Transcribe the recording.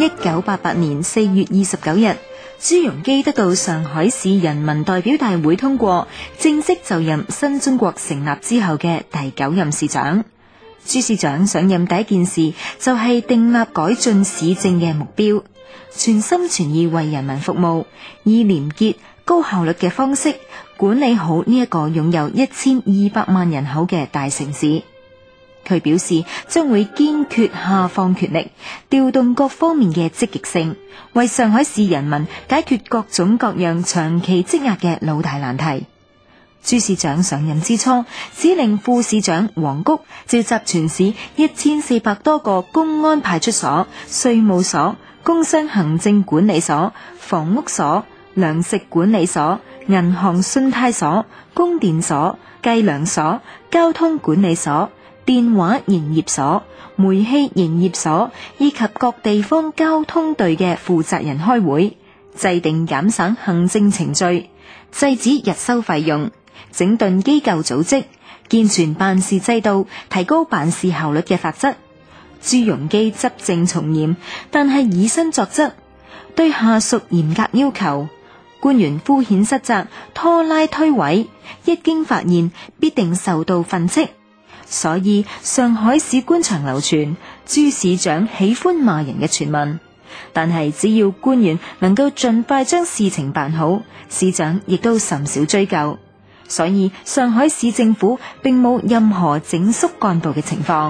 一九八八年四月二十九日，朱鎔基得到上海市人民代表大會通過，正式就任新中國成立之後嘅第九任市長。朱市長上任第一件事就係訂立改進市政嘅目標，全心全意為人民服務，以廉潔、高效率嘅方式管理好呢一個擁有一千二百萬人口嘅大城市。佢表示將會堅決下放權力，調動各方面嘅積極性，為上海市人民解決各種各樣長期積壓嘅老大難題。朱市長上任之初，指令副市長黃菊召集全市一千四百多個公安派出所、稅務所、工商行政管理所、房屋所、糧食管理所、銀行信貸所、供電所、計量所、交通管理所、電話營業所、煤氣營業所以及各地方交通隊嘅負責人開會，制定減省行政程序，制止日收費用，整頓機構組織，健全辦事制度，提高辦事效率嘅法則。朱鎔基執政從嚴，但係以身作則，對下屬嚴格要求。官員敷衍失責、拖拉推諉，一經發現，必定受到訓斥。所以上海市官場流傳朱市長喜歡罵人嘅傳聞，但係只要官員能夠盡快將事情辦好，市長亦都甚少追究。所以上海市政府並冇任何整肅幹部嘅情況。